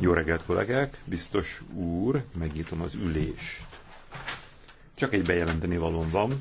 Jó reggelt, kollégák! Biztos úr, megnyitom az ülést. Csak egy bejelenteni valóm van.